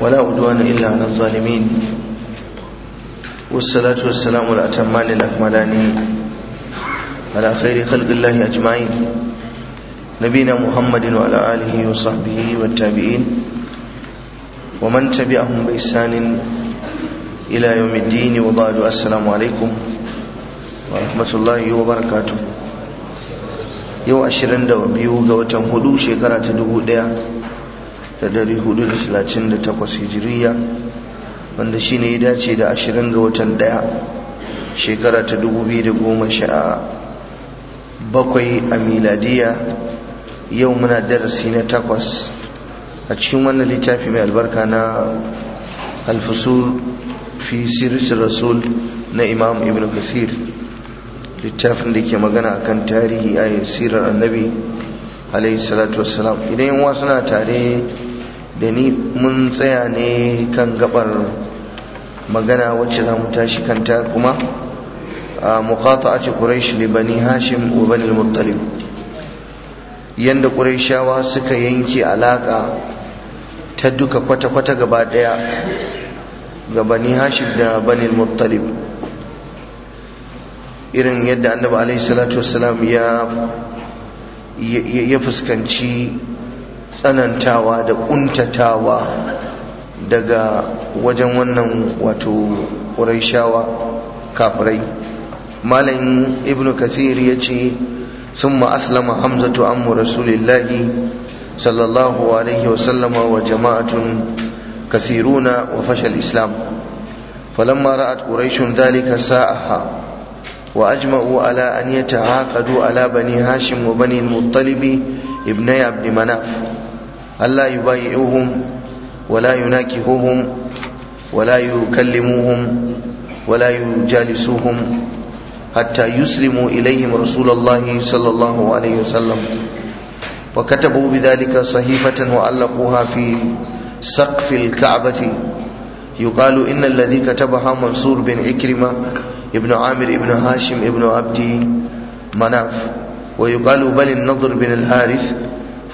ولا عدوان إلا على الظالمين والصلاة والسلام الأتمان الأكملان على خير خلق الله أجمعين نبينا محمد وعلى آله وصحبه والتابعين ومن تبعهم بإحسان إلى يوم الدين وبعد السلام عليكم ورحمة الله وبركاته يو أشرن دو بيو غوتن هدو شكرة دو ديا da hudu da da takwas hijiriya wanda shi ne ya dace da ashirin ga watan daya shekara ta dubu biyu da goma bakwai a miladiya yau muna darasi na takwas a cikin wannan littafi mai albarka na alfusul fi sirrin rasul na imam ibn kasir littafin da ke magana akan tarihi a sirar annabi alaihi salatu wassalam idan yan suna tare da ni mun tsaya ne kan gabar magana wacce za mu tashi kanta kuma a ce ƙuraishi ne bani hashim wa bani al yadda ƙuraishawa suka yanke alaƙa ta duka kwata-kwata gaba daya ga bani hashim da bani al irin yadda annabi alaihi salatu wasalam ya fuskanci tsanantawa da kuntatawa daga wajen wannan wato ƙuraishawa kafirai malayin ibn kathir ya ce sun aslama hamzatu ammu rasulillahi sallallahu alaihi wasallama wa jama'atun kathiruna wa fashal islam falamma ra'at shun dalika sa'aha وأجمعوا على أن يتعاقدوا على بني هاشم وبني المطلب ابني عبد مناف ألا يبايعوهم ولا يناكهوهم ولا يكلموهم ولا يجالسوهم حتى يسلموا إليهم رسول الله صلى الله عليه وسلم وكتبوا بذلك صحيفة وعلقوها في سقف الكعبة يقال إن الذي كتبها منصور بن عكرمة ابن عامر ابن هاشم ابن عبد مناف ويقال بل النضر بن الحارث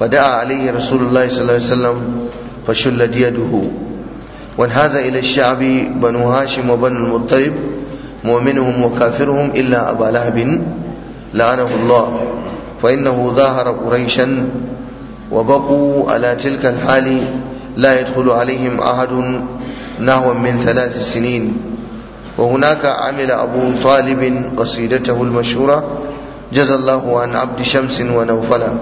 فدعا عليه رسول الله صلى الله عليه وسلم فشلت يده وانحاز إلى الشعب بنو هاشم وبنو المطلب مؤمنهم وكافرهم إلا أبا لهب لعنه الله فإنه ظاهر قريشا وبقوا على تلك الحال لا يدخل عليهم أحد نحو من ثلاث سنين وهناك عمل أبو طالب قصيدته المشهورة جزى الله عن عبد شمس ونوفلا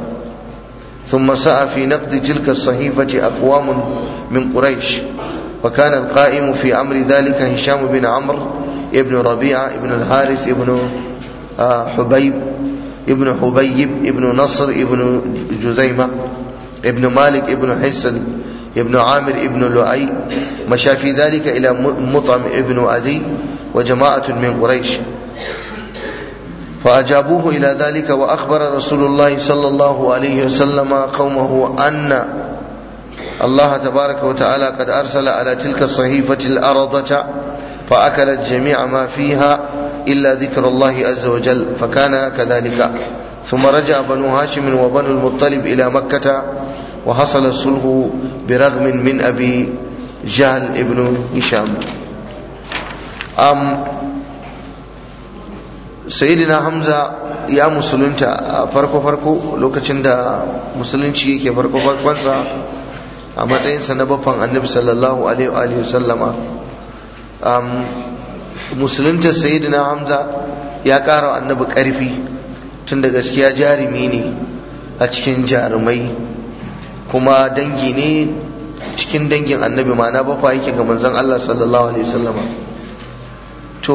ثم سعى في نقد تلك الصحيفة أقوام من قريش وكان القائم في أمر ذلك هشام بن عمرو ابن ربيعة ابن الحارث ابن حبيب ابن حبيب ابن نصر ابن جزيمة ابن مالك ابن حسن ابن عامر ابن لؤي مشى في ذلك إلى مطعم ابن أدي وجماعة من قريش فأجابوه إلى ذلك وأخبر رسول الله صلى الله عليه وسلم قومه أن الله تبارك وتعالى قد أرسل على تلك الصحيفة الأرضة فأكلت جميع ما فيها إلا ذكر الله عز وجل فكان كذلك ثم رجع بنو هاشم وبنو المطلب إلى مكة وحصل الصلح برغم من أبي جهل ابن هشام أم sayyidina hamza ya musulunta a farko farko lokacin da musulunci yake farko farkonsa a matsayinsa na baffan annabi sallallahu alaihi wa sallama um, sayyidina hamza ya ƙara annabi ƙarfi tun da gaskiya jarumi ne a cikin jarumai kuma dangi ne cikin dangin annabi ma'ana bafa yake ga manzon Allah sallallahu alaihi wasallama to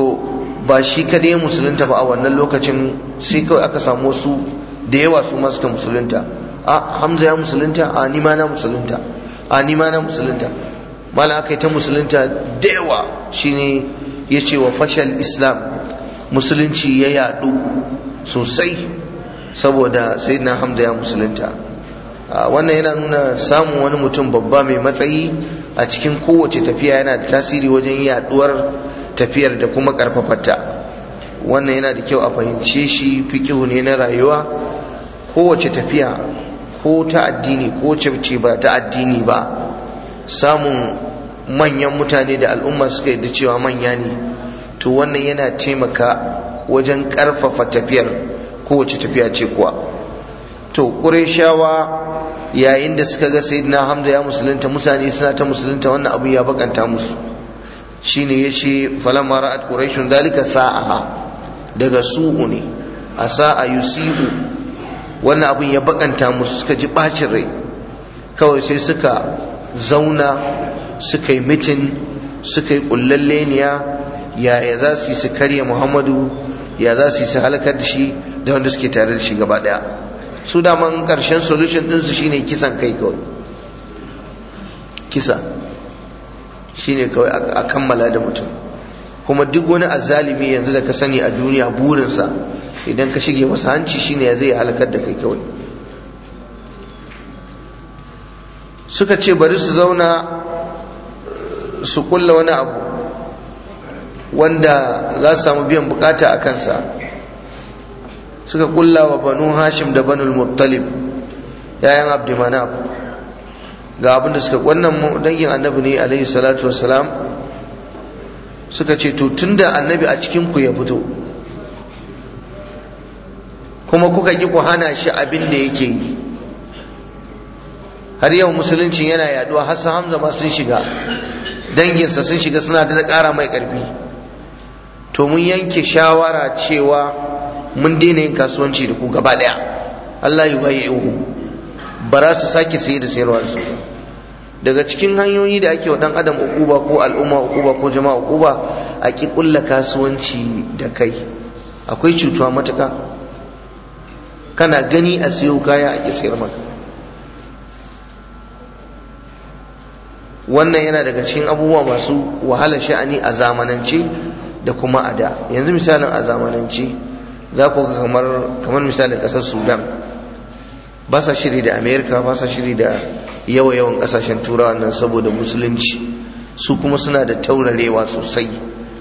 ba shi kadai musulunta ba a wannan lokacin sai kawai aka samu su da yawa su masu musulunta a hamza ya musulunta a ni ma na musulunta a ni ma na musulunta mala aka yi ta musulunta da yawa shine ya ce wa fashal islam musulunci ya yadu sosai saboda sai na hamza ya musulunta wannan yana nuna samun wani mutum babba mai matsayi a cikin kowace tafiya yana da tasiri wajen yaduwar tafiyar da kuma karfafata wannan yana da kyau a fahimce shi fikihu ne na rayuwa kowace tafiya ko ta addini ko ce ba ta addini ba samun manyan mutane da al'umma suka yarda cewa manya ne to wannan yana taimaka wajen karfafa tafiyar kowace tafiya ce kuwa to shawa. yayin da suka ga sayyidina hamza ya musulunta mutane suna ta musulunta wannan abu ya bakanta musu shine yace falamma ra'at quraishun dalika Sa'a daga su'u ne a sa'a Yusufu, wannan abun ya bakanta musu suka ji bacin rai kawai sai suka zauna suka yi mitin suka yi kullalleniya yaya za su yi su karya muhammadu ya za su yi su halakar da shi da wanda suke tare da shi gaba daya su daman karshen solution ɗinsu shine kisan kai kawai kisa shine kawai a kammala da mutum kuma duk wani azalimi yanzu da ka sani a duniya burinsa idan ka shige masa hanci shine ya zai halakar da kai kawai suka ce bari su zauna su kulla wani abu wanda za su samu biyan bukata a kansa suka kulla wa banu hashim da banul muttalib yayan abdumanaf ga abin da suka wannan dangin annabi ne alaihi salatu wassalam suka ce to tunda annabi a cikin ku ya fito kuma kuka ki ku hana shi abin da yake yi har yau Musulunci yana yaduwa har su hamza ma sun shiga danginsa sun shiga suna da ƙara mai ƙarfi to mun yanke shawara cewa mun daina yin kasuwanci da ku gaba daya Allah ya baye uhu bara su sake sayi da sayarwa su daga cikin hanyoyi da ake wa dan adam ukuba ko al'umma ukuba ko jama'a ukuba a ki kulla kasuwanci da kai akwai cutuwa matuka kana gani a siyo kaya a ki sayar maka wannan yana daga cikin abubuwa masu wahala sha'ani a zamanance da kuma a da yanzu misalin a zamanance za ku ga kamar kamar misali ƙasar sudan ba sa shiri da amerika ba sa shiri da yawa yawan ƙasashen turawa nan saboda musulunci su kuma suna da taurarewa sosai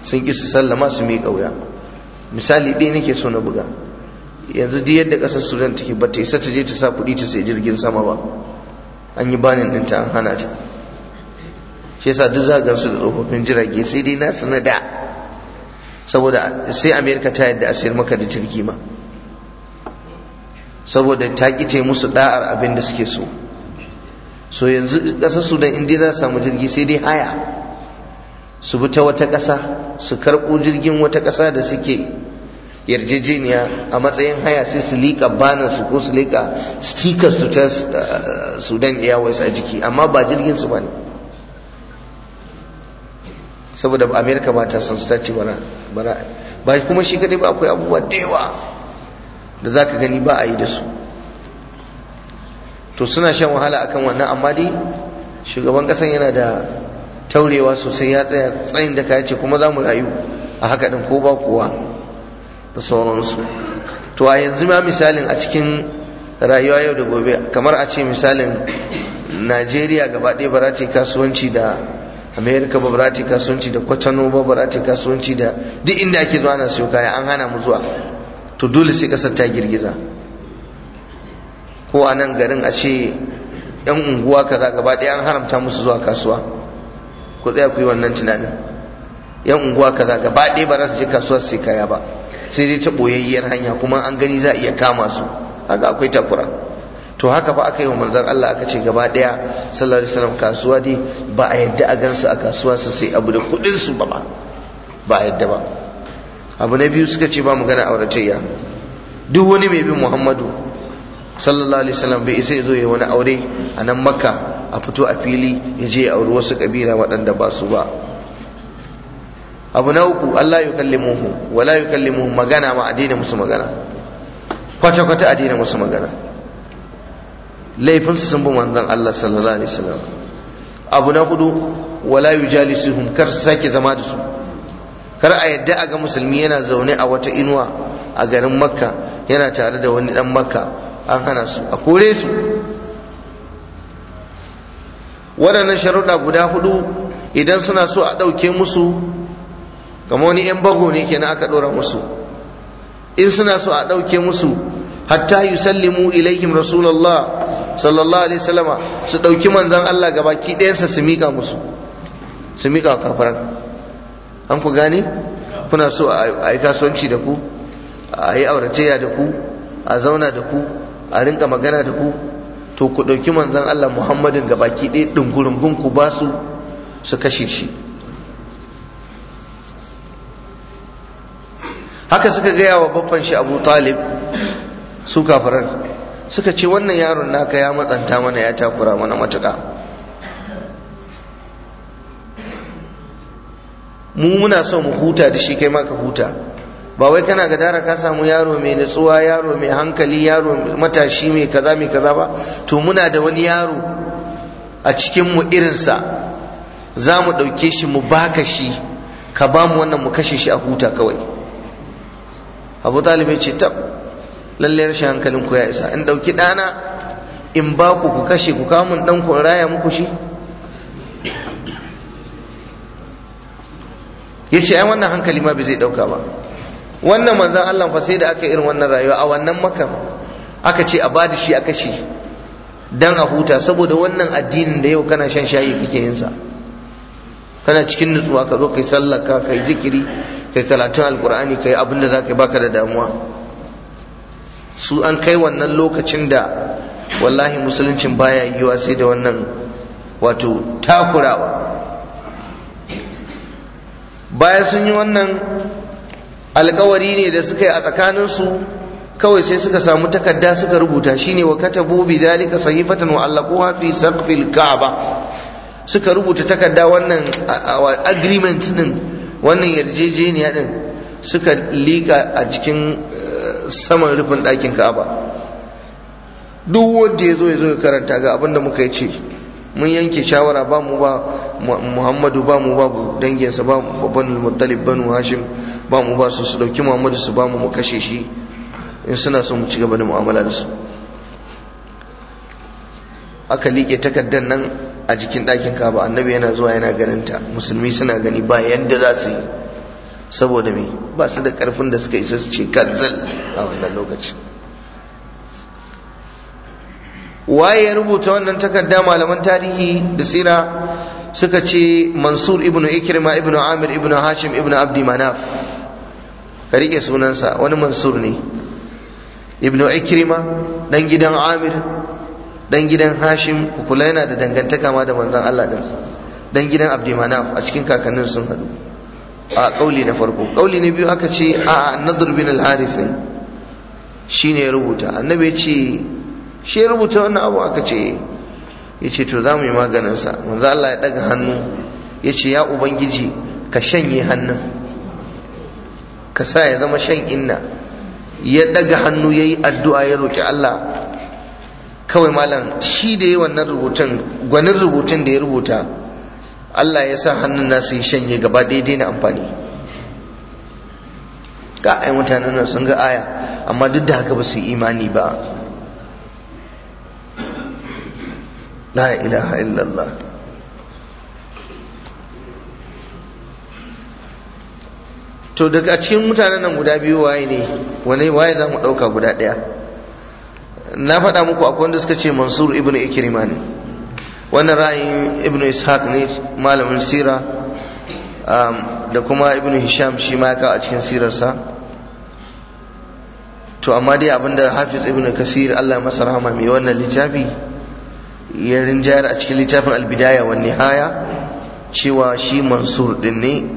sun ƙi su sallama su miƙa kauya misali ɗaya nake so na buga yanzu duk yadda kasar sudan take ba ta isa ta je ta sa kuɗi ta sai jirgin sama ba an yi banin ɗinta an hana ta shi duk za gansu da tsofaffin jirage sai dai nasu na da saboda sai amerika ta yadda a sayar maka da jirgi ma saboda ta kice musu da'ar abin da suke so so yanzu su sudan inda za su samu jirgi sai dai haya su bi ta wata ƙasa su karɓo jirgin wata ƙasa da suke yarjejeniya a matsayin haya sai su liƙa banan su ko su liƙa stickers su ta eh, sudan airways a jiki amma ba jirgin su ba ne saboda amerika ba ta san su bara ba kuma shi kadai ba akwai abubuwa da yawa da za ka gani ba a yi da su to suna shan wahala akan wannan amma dai shugaban kasan yana da taurewa sosai ya tsaya tsayin da ka ce kuma za mu rayu a haka din ko ba kowa da sauransu to a yanzu ma misalin a cikin rayuwa yau da gobe kamar a ce misalin najeriya gaba ɗaya ba ta kasuwanci da amerika ba barati kasuwanci da kwatano ba barati kasuwanci da duk inda ake zuwa na siyo kaya an hana mu zuwa to dole sai kasar ta girgiza ko a nan garin a ce yan unguwa kaza gaba ɗaya an haramta musu zuwa kasuwa ku tsaya ku yi wannan tunanin yan unguwa kaza gaba ɗaya ba za su je kasuwar sai kaya ba sai dai ta ɓoyayyiyar hanya kuma an gani za a iya kama su haka akwai takura to haka fa aka yi wa manzon Allah aka ce gaba daya sallallahu alaihi wasallam kasuwa dai ba a yadda a gansu a kasuwa su sai abu da kudin su ba ba ba a yadda ba abu na biyu suka ce ba mu gana auratayya duk wani mai bin Muhammadu sallallahu alaihi wasallam bai isa zo ya wani aure a nan makka a fito a fili ya je ya auri wasu kabila waɗanda ba su ba abu na uku Allah ya kallimuhu wala ya kallimuhu magana ma addinin musu magana kwata-kwata addinin musu magana Laifin su sun bi manzon Allah sallallahu alaihi wasallam abu na hudu wala yujalisuhum kar su sake zama da su kar a yadda a ga musulmi yana zaune a wata inuwa a garin makka yana tare da wani dan makka an hana su a kore su waɗannan sharuɗa guda hudu idan suna so a ɗauke musu kama wani 'yan bago ne kenan aka ɗora musu in suna so a ɗauke musu hatta yusallimu ilaihim rasulullah sallallahu alaihi wasallama su ɗauki manzon Allah gabaki ɗayansa su miƙa musu su mika kafaran an ku gane kuna so a yi kasuwanci da ku a yi auratayya da ku a zauna da ku a rinka magana da ku to ku ɗauki manzon Allah Muhammadin gabaki ɗaya ɗungurungun ku ba su su kashe shi haka suka gaya wa babban shi Abu Talib su kafaran. suka ce wannan yaron naka ya matsanta mana ya takura mana matuka. mu muna so mu huta da shi kai maka huta ba wai kana ga dara ka samu yaro mai nutsuwa yaro mai hankali yaro matashi mai kaza mai kaza ba to muna da wani yaro a cikinmu irinsa za mu ɗauke shi mu baka shi ka ba mu wannan mu kashe shi a huta kawai abu talibai ce tab lalle rashin hankalin ku ya isa in ɗauki dana in ba ku ku kashe ku kamun mun ku raya muku shi ya ai wannan hankali ma bai zai ɗauka ba wannan manzan Allah fa sai da aka irin wannan rayuwa a wannan maka aka ce a bada shi a kashe dan a huta saboda wannan addinin da yau kana shan shayi kake yin sa kana cikin nutsuwa ka zo kai sallah ka kai zikiri kai karatun alkur'ani kai abinda da zaka baka da damuwa su an kai wannan lokacin da wallahi musuluncin baya yiwa sai da wannan wato takurawa baya sun yi wannan alkawari ne da suka yi a tsakaninsu kawai sai suka samu takarda suka rubuta shine wa katabu bi dalika sahifatan wa allaquha fi saqfil ka'aba suka rubuta takarda wannan agreement din wannan yarjejeniya din suka lika a cikin saman rufin ɗakin ka'aba duk wanda ya zo ya zo ya karanta ga abin da muka yi ce mun yanke shawara ba mu ba muhammadu ba mu babu danginsa ba mu banu muttalib banu hashim ba mu ba su su dauki muhammadu su ba mu mu kashe shi in suna son mu ci gaba da mu'amala da su aka liƙe takardar nan a jikin ɗakin ba annabi yana zuwa yana ganin ta musulmi suna gani ba yadda za su yi saboda me ba su da karfin da suka isa su ce kanzal a wannan lokacin waye ya rubuta wannan takarda malaman tarihi da sira suka ce mansur ibn ikrima ibn amir ibn hashim ibn abdi manaf ka rike sunansa wani mansur ne ibn ikrima dan gidan amir dan gidan hashim kula yana da dangantaka ma da manzon allah din dan gidan abdi manaf a cikin kakannin sun haɗu a kauli na farko kauli na biyu aka ce a nadur bin al-harisai ne ya rubuta annabi ya ce shi ya rubuta wannan abu aka ce ya ce to za mu yi maganin sa manzo Allah ya daga hannu ya ce ya ubangiji ka shanye hannun ka sa ya zama shan inna ya daga hannu ya yi addu'a ya roƙi Allah kawai malam shi da yi wannan rubutun gwanin rubutun da ya rubuta Allah ya sa hannun nasu yi shanye gaba daidai na amfani ga ai mutanen nan sun ga aya amma duk da haka ba su yi imani ba la ilaha illallah to daga cikin mutanen nan guda biyu waye ne wane waye za mu ɗauka guda ɗaya na faɗa muku akwai wanda suka ce mansur ibn ikrima ne wannan ra'ayin ibnu ishaq ne malamin sira um, da kuma ibnu hisham shi ma ya kawo a cikin sirarsa to amma dai abinda hafiz ibnu kasir allah masa rahama mai wannan littafi ya rinjayar a cikin littafin albidaya wa nihaya cewa shi mansur din ne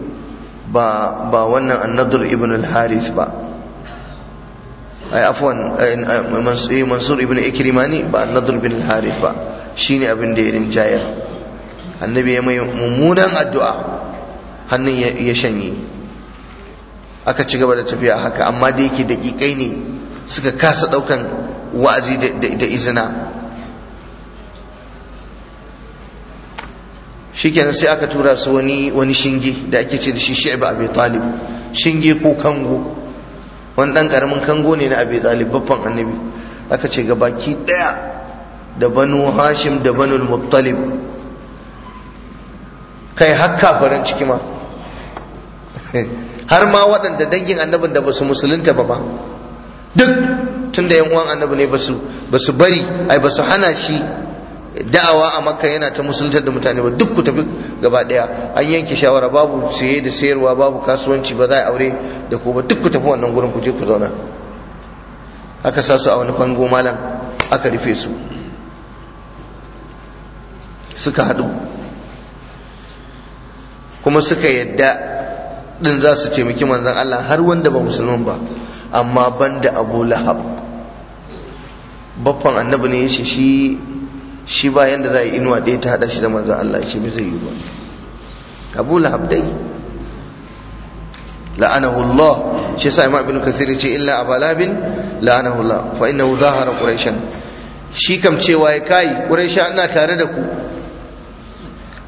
ba ba wannan annadur ibn al-haris ba ai afwan eh, mansur ibn ikrima ne ba annadur ibn al-haris ba shine abin da ya rinjayar annabi ya mai mummunan addu'a hannun ya shanye aka ci gaba da tafiya haka amma da yake daƙiƙai ne suka kasa ɗaukan wa'azi da izina shikenan sai aka tura su wani wani shinge da ake ce da shi shi'ib abi talib shinge ko kango wani dan karamin kango ne na abi talib babban annabi aka ce ga baki daya da banu hashim da banu muttalib kai har farin ciki ma har ma waɗanda dangin annabin da basu musulunta ba ba duk tunda yan uwan annabi ne basu basu bari ai basu hana shi da'awa a makka yana ta musuluntar da mutane ba duk ku tafi gaba daya an yanke shawara babu saye da sayarwa babu kasuwanci ba za a aure da ku ba duk ku tafi wannan gurin ku je ku zauna aka sa a wani fango malam aka rufe su suka haɗu kuma suka yadda ɗin za su taimaki manzan Allah har wanda ba musulman ba amma banda abu lahab baffan annabi ne yace shi shi ba yanda za a yi inuwa ɗaya ta haɗa shi da manzan Allah shi bai zai yi ba abu lahab dai la'anahu Allah shi yasa imam ibn kathir yace illa abalabin la'anahu Allah fa innahu zahara quraishan shi kam cewa ya kai quraisha ina tare da ku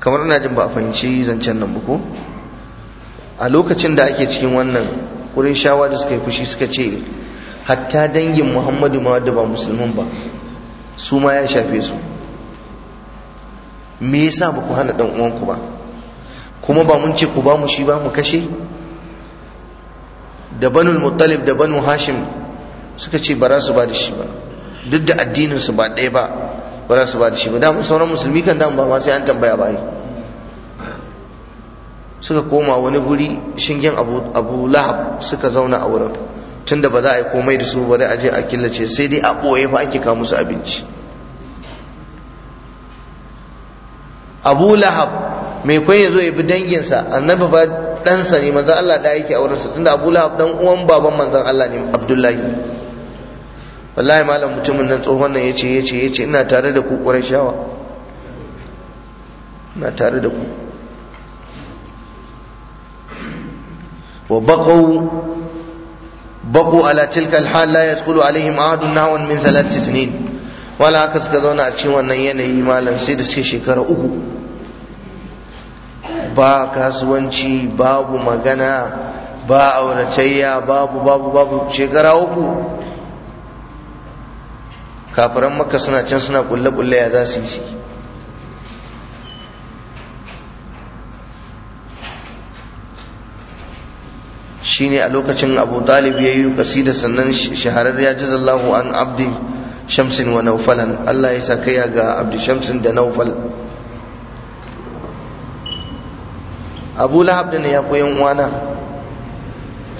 kamar na jin ba a fahimci zancen nan ko a lokacin da ake cikin wannan wurin shawa da suka yi fushi suka ce hatta dangin muhammadu ma da ba musulman ba su ma ya shafe su me yasa ba ku hana dan uwanku ba kuma ba mun ce ku ba mu shi ba mu kashe da banul muttalib da banu hashim suka ce ba za su ba da shi ba duk da addinin su ba ɗaya ba ba za su ba da shi ba da sauran musulmi kan dama ba ma sai an tambaya ba suka koma wani guri shingen abu lahab suka zauna a wurin tunda ba za a yi komai da su ba dai a je a killace sai dai a ɓoye fa ake kawo musu abinci abu lahab mai kwan ya zo ya bi danginsa annabi ba ɗansa ne manzan allah da yake a wurinsa tunda abu lahab ɗan uwan baban manzan allah ne abdullahi wallahi malam mutumin nan tsohon nan yace yace yace ina tare da ku shawa, ina tare da ku wa baqaw baqu ala tilka alhal la yadkhulu alaihim adun nawan min thalath sinin wala haka suka zauna a cikin wannan yanayi malam sai da suke shekara uku ba kasuwanci babu magana ba auratayya babu babu babu shekara uku kafiran makka suna can suna kulle-kulle ya za su yi shi ne a lokacin abu talib ya yi kasida sannan shaharar ya ji zallahu an abdi shamsin wa naufalan allah ya sa kaiya ga abdi shamsin da naufal abu lahab da ne ya koyan uwana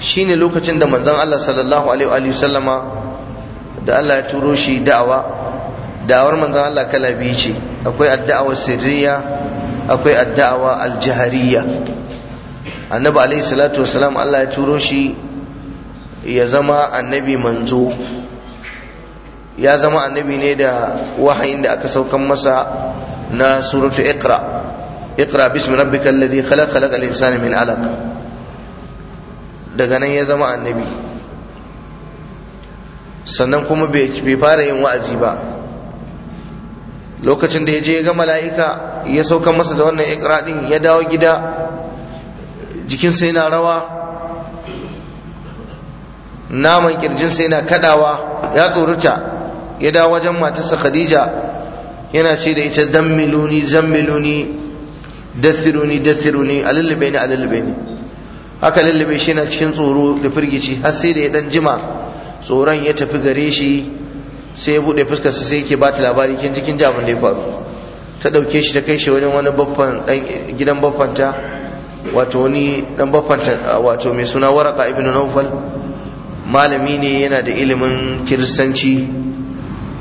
shi ne lokacin da manzon allah sallallahu alaihi wasallama da Allah ya turo shi da'awa da'awar manzon Allah kala biyu ce akwai adda'awa sirriya akwai addawa aljahariya annabi alaihi salatu wasalam Allah ya turo shi ya zama annabi manzo ya zama annabi ne da wahayin da aka saukan masa na suratu iqra iqra bismi rabbikal ladhi khalaq khalaqal insana min alaq daga nan ya zama annabi sannan kuma bai fara yin wa'azi ba lokacin da ya je ya ga mala'ika ya sauka masa da wannan ikra din ya dawo gida jikinsa yana rawa naman kirjinsa yana kadawa ya tsorata ya dawo wajen matarsa khadija yana ce da ita zammiluni zammiluni dasiruni dasiruni alilbe ni alilbe ni haka lullube shi yana cikin tsoro da firgici har sai da ya dan jima tsoron ya tafi gare shi sai ya buɗe fuskarsa sai yake ba ta labari kin cikin ji abin da ya faru ta ɗauke shi ta kai shi wajen wani baffan gidan baffanta wato wani dan baffanta wato mai suna waraka ibn naufal. malami ne yana da ilimin kiristanci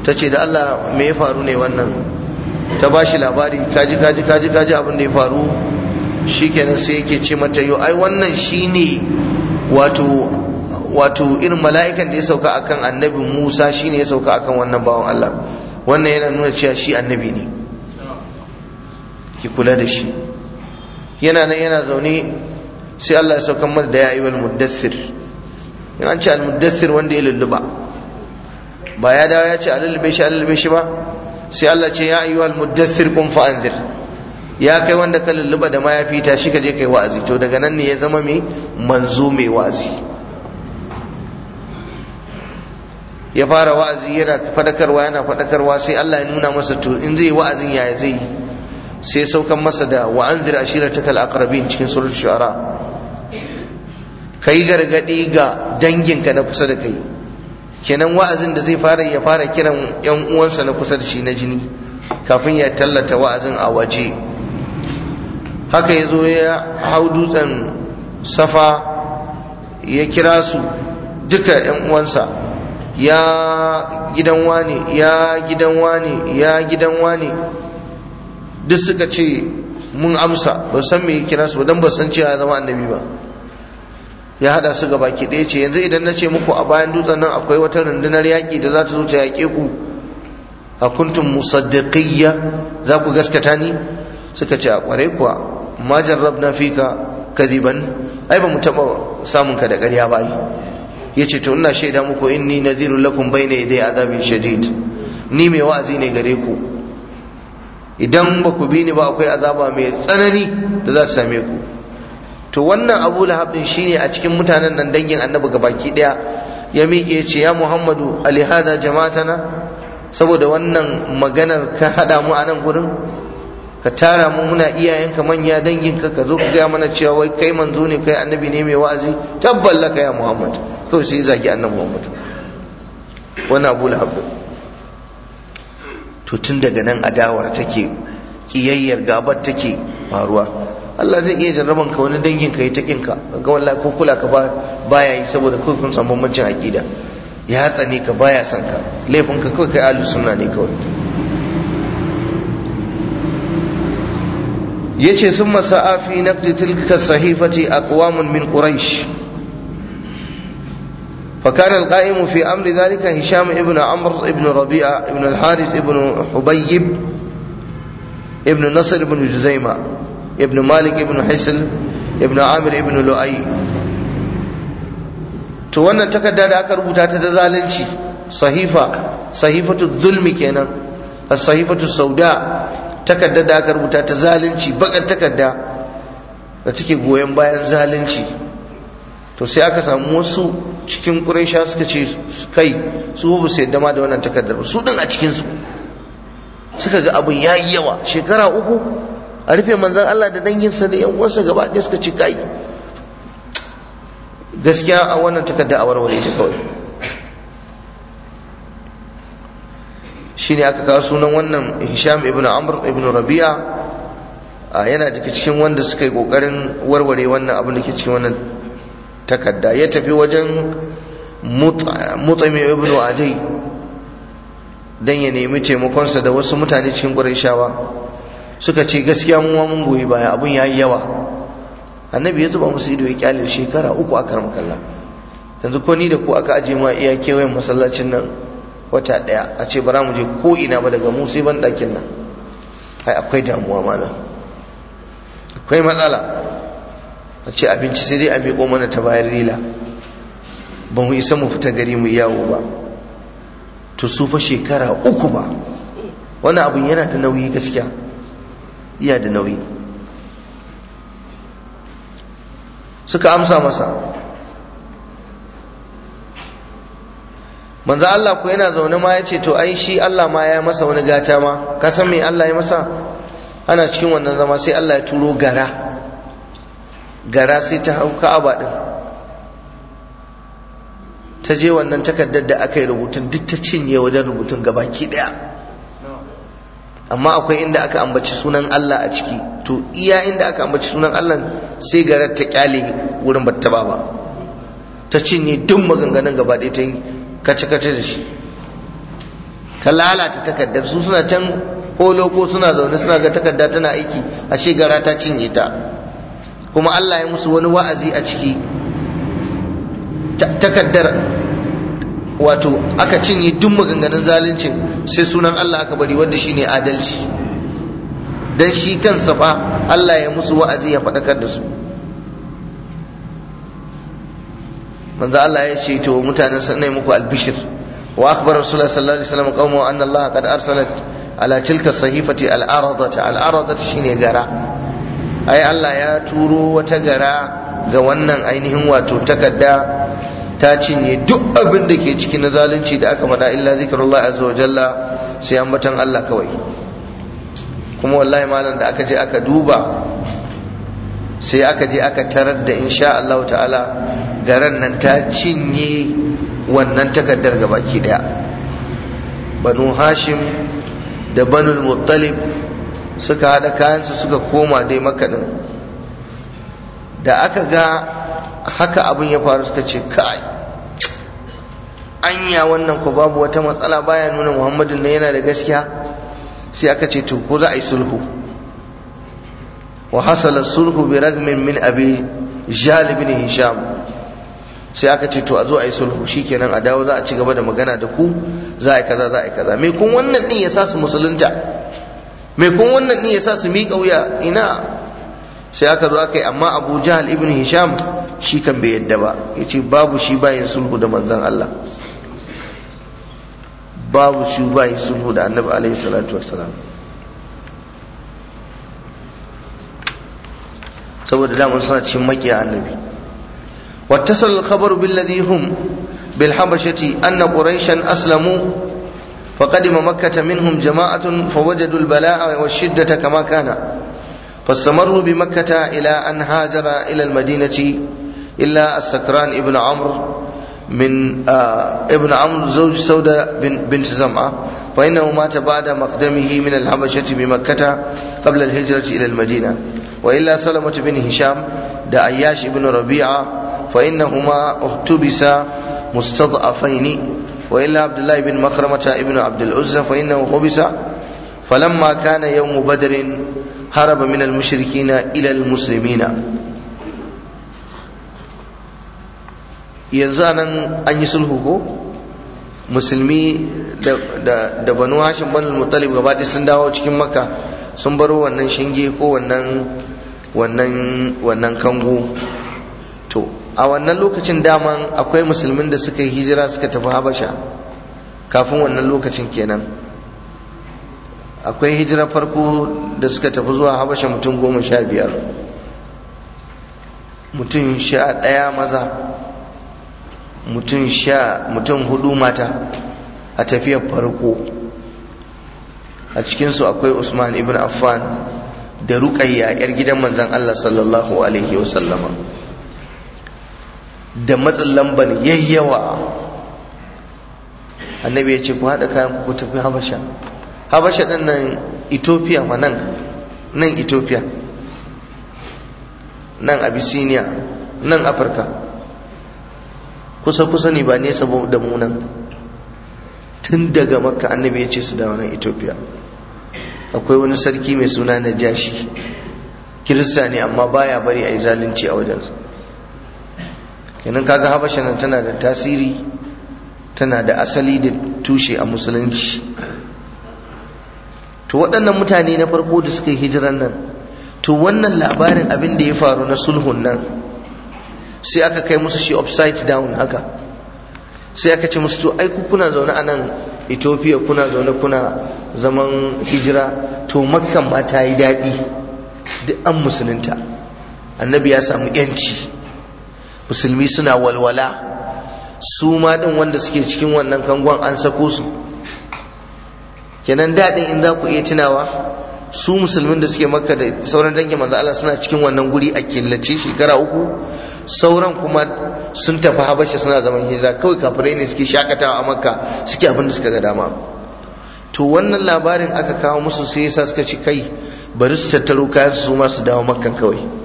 ta ce da Allah me ya faru ne wannan ta ba shi labari kaji kaji kaji kaji abin da ya faru shikenan sai yake ce mata yau ai wannan shine wato wato irin mala'ikan da ya sauka akan annabi Musa shine ya sauka akan wannan bawan Allah wannan yana nuna cewa shi annabi ne ki kula da shi yana nan yana zaune sai Allah ya sauka mana da ya ayyuhal in an ce al muddathir wanda ya lulluba ba ya dawo ya ce a lullube shi a lullube shi ba sai Allah ce ya ayyuhal muddathir kun fa anzir ya kai wanda ka lulluba da mayafi ta shi ka je kai wa'azi to daga nan ne ya zama mai manzo mai wa'azi ya fara wa'azi yana fadakarwa yana fadakarwa sai Allah ya nuna masa to in zai wa'azin yaya zai sai saukan masa da wa anzir ashiratakal aqrabin cikin suratul shu'ara kai gargadi ga danginka na kusa da kai kenan wa'azin da zai fara ya fara kiran yan uwansa na kusa da shi na jini kafin ya tallata wa'azin a waje haka ya zo ya hau dutsen safa ya kira su duka yan uwansa ya gidan wane ya gidan wane ya gidan wane duk suka ce mun amsa ba san me kira su ba dan ba san cewa zama annabi ba ya hada su gaba baki ɗaya ce yanzu idan na ce muku a bayan dutsen nan akwai wata rundunar yaƙi da za ta zo ta yaƙe ku a kuntum musaddiqiyya za ku gaskata ni suka ce a kware kuwa ma jarrabna fika kadiban ai ba mu taɓa samun ka da ƙarya ba yace to ina shaida muku inni nadhirul lakum bayna yaday azabin shadid ni mai wa'azi ne gare ku idan ba ku bi ni ba akwai azaba mai tsanani da za ta same ku to wannan abu lahab din shine a cikin mutanen nan dangin annabi gabaki daya ya miƙe ce ya muhammadu hada jama'atana saboda wannan maganar ka hada mu a nan gurin ka tara mu muna iyayenka manya dangin ka ka zo ka gaya mana cewa wai kai manzo ne kai annabi ne mai wa'azi ka ya muhammad kawai sai zagi annan muhammadu wani abu labu to tun daga nan adawar take kiyayyar gabar take faruwa Allah zai iya jarraban ka wani dangin ka yi ta kinka ga wallahi ko kula ka baya yi saboda kawai kun san bambancin aqida ya tsane ka baya san ka laifin ka kawai kai ahlus sunna ne kawai yace summa sa'afi naqdi tilka sahifati aqwamun min quraish فكان القائم في أمر ذلك هشام ابن عمرو ابن ربيعة ابن الحارث ابن حبيب ابن نصر ابن جزيمة ابن مالك ابن حسل ابن عامر ابن لؤي to wannan takarda da aka rubuta ta da zalunci sahifa sahifatu zulmi kenan as-sahifatu sauda takarda da aka rubuta ta zalunci bakar takarda da take goyon bayan zalunci to sai aka samu wasu cikin ƙuraisha suka ce kai su ba su yadda ma da wannan takardar su din a cikinsu suka ga abin ya yi yawa shekara uku a rufe manzan Allah da danginsa da yan uwansa gaba ɗaya suka ci kai gaskiya a wannan takarda a warware ta kawai shine aka kawo sunan wannan Hisham ibn Amr ibn Rabi'a yana daga cikin wanda suka yi kokarin warware wannan abin da ke cikin wannan takarda ya tafi wajen mutsami ibn adai don ya nemi taimakonsa da wasu mutane cikin shawa suka ce gaskiya mu mun goyi baya abun ya yi yawa annabi ya zuba musu ido ya kyale shekara uku aka kalla yanzu ko ni da ku aka aje ma iya kewayen masallacin nan wata ɗaya a ce bara mu je ko ina ba daga mu sai ban ɗakin nan ai akwai damuwa malam akwai matsala a ce abinci sai dai a miƙo mana ta bayan rila ba mu isa mu fita gari mu yawo ba to su fa shekara uku ba wani abin yana da nauyi gaskiya iya da nauyi suka amsa masa manzo Allah ku yana zaune ma ya ce to ai shi Allah ma ya masa wani gata ma ka san me Allah ya masa ana cikin wannan zama sai Allah ya turo gara gara sai ta hau ka'aba din ta je wannan takardar da aka yi rubutun duk ta cinye wajen rubutun gabaki daya amma akwai inda aka ambaci sunan Allah a ciki to iya inda aka ambaci sunan Allah sai garar ta kyale wurin bata ba ba ta cinye duk maganganun gaba ɗaya ta yi kace-kace da shi ta lalata takardar su suna can holo ko suna zaune suna ga takarda tana aiki ashe gara ta cinye ta kuma Allah ya musu wani wa'azi a ciki takaddar wato aka cinye duk maganganun zaluncin sai sunan Allah aka bari wanda shine adalci dan shi kansa ba, Allah ya musu wa'azi ya faɗakar da su manzo Allah ya ce to mutanen sannan muku albishir wa akhbar rasulullah sallallahu alaihi wasallam qawmu anna Allah qad arsalat ala tilka sahifati al-aradati al-aradati shine gara ai Allah ya turo wata gara ga wannan ainihin wato takarda ta cinye duk abin da ke ciki na zalunci da aka mada illa zikrullah azza wajalla jalla sai ambatan Allah kawai kuma wallahi malam da aka je aka duba sai aka je aka tarar da insha Allah ta'ala garan nan ta cinye wannan takardar gabaki daya banu hashim da banul muttalib suka haɗa kayansu suka koma dai makaɗin da aka ga haka abin ya faru suka ce kai anya wannan ko babu wata matsala baya nuna muhammadin nan yana da gaskiya sai aka ce to ko za a yi sulhu wa hasala sulhu bi ragmin min abi jalib bin hisham sai aka ce to a zo a yi sulhu shikenan a dawo za a ci gaba da magana da ku za a yi kaza za a yi kaza me kun wannan din ya sa su musulunta mai kun wannan ne yasa su miƙa wuya ina sai aka zo aka yi amma abu jahal ibn hisham shi kan bai yadda ba ya ce babu shi bayan sulhu da manzan allah babu shi bayan sulhu da annabi alaihi salatu wasalam saboda damar suna cikin makiya annabi واتصل الخبر بالذي هم بالحبشة أن قريشا aslamu فقدم مكة منهم جماعة فوجدوا البلاء والشدة كما كان فاستمروا بمكة إلى أن هاجر إلى المدينة إلا السكران ابن عمرو من آه ابن عمرو زوج سودة بنت زمعة فإنه مات بعد مقدمه من الحبشة بمكة قبل الهجرة إلى المدينة وإلا سلمة بن هشام دا أياش بن ربيعة فإنهما احتبس مستضعفين wa illa abdullahi bin makhramata ibnu abdul uzza fa innahu qubisa falamma kana yawm badr haraba min al mushrikina ila al muslimina yanzu anan an yi sulhu ko muslimi da da banu hashim bin al sun dawo cikin makka sun bar wannan shinge ko wannan wannan to a wannan lokacin dama akwai musulmin da suka yi hijira suka tafi habasha kafin wannan lokacin kenan akwai hijira farko da suka tafi zuwa habasha mutum goma sha biyar mutum sha ɗaya maza mutum sha mutum hudu mata a tafiyar farko a cikinsu akwai usman ibn affan da ruƙayya 'yar gidan manzan allah sallallahu alaihi wasallama da matsin lamban yayyawa annabi ya ce ku haɗa kayan ku tafi habasha habasha ɗin nan ethiopia ma nan nan ethiopia nan abyssinia nan afirka kusa kusa ne ba nesa da mu nan tun daga makka annabi ya ce su da wani ethiopia akwai wani sarki mai suna na jashi. kirista ne amma baya bari a yi zalunci a wajensa kenan kaga habasha nan tana da tasiri tana da asali da tushe a musulunci to waɗannan mutane na farko da suka yi hijiran nan to wannan labarin abin da ya faru na sulhun nan sai aka kai musu shi upside down haka sai aka ce musu to ai ku kuna zaune a nan ethiopia kuna zaune kuna zaman hijira to makkan ma ta yi daɗi duk an musulunta annabi ya samu yanci musulmi suna walwala su ma din wanda suke cikin wannan kangon an sako su kenan daɗin in za ku iya tunawa su musulmin da suke makka da sauran dangin manzo Allah suna cikin wannan guri a killace shekara uku sauran kuma sun tafi habasha suna zaman hijira kawai kafirai ne suke shakatawa a makka suke abin da suka ga dama to wannan labarin aka kawo musu sai yasa suka ci kai bari su tattaro kayan su ma su dawo makka kawai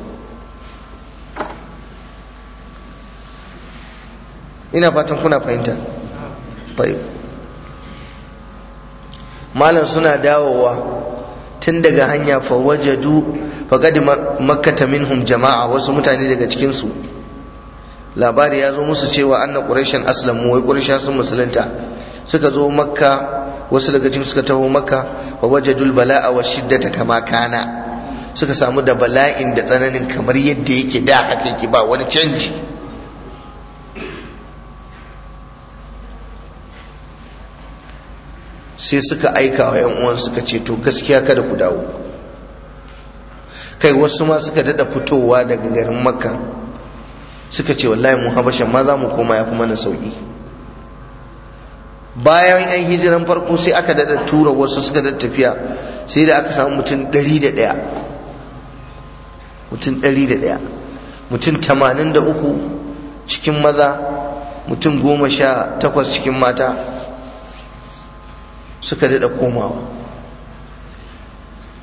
ina fatan kuna fahimta malam suna dawowa tun daga hanya fa wajadu makkata minhum jama'a wasu mutane daga cikin su labari ya zo musu cewa anna quraishan aslamu wai quraisha sun musulunta suka zo makka wasu daga cikin suka taho makka wa wajadul bala'a wa shiddata kama kana suka samu da bala'in da tsananin kamar yadda yake da haka yake ba wani canji sai suka aika wa yan uwan suka ce to gaskiya kada ku dawo kai wasu ma suka dada fitowa daga garin makka suka ce wallahi mu habasha ma za mu koma ya fi mana sauki bayan yan hijiran farko sai aka dada tura wasu suka dada tafiya sai da aka samu mutum ɗari da ɗaya mutum ɗari mutum tamanin da uku cikin maza mutum goma sha takwas cikin mata suka daɗa komawa